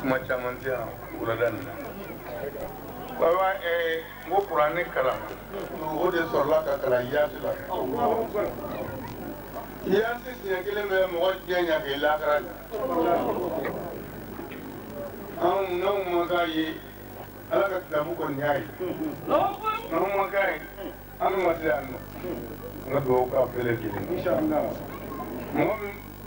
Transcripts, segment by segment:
kuma caman tɛ yan wulada nin na baba n eh, ko kuranɛ kalan o de sɔrɔla ka kalan yaasi la yaasi siɲɛ kelen bɛ mɔgɔ diɲɛ ɲɛ k'i lakara de anw n'anw ma k'a ye ala ka kitabu kɔni y'a ye n'anw ma k'a ye an ma se yan nɔ n ka dugawu k'a bɛɛ lajɛlen mɔgɔ min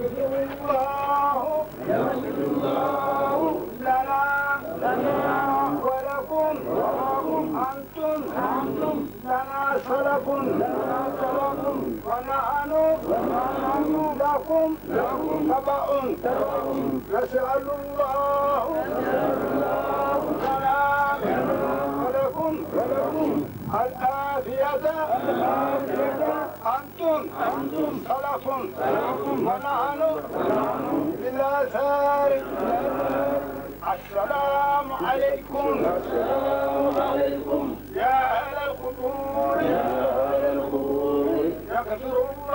يغفر الله يغفر لنا ولكم أنتم أنتم لنا سلف لنا سلف ونحن ونحن لكم لكم تبع تبع نسأل الله نسأل الله لنا ولكم ولكم العافية العافية أنتم سلف ونحن بالآثار السلام عليكم السلام عليكم يا أهل القبور يا أهل القبور يغفر الله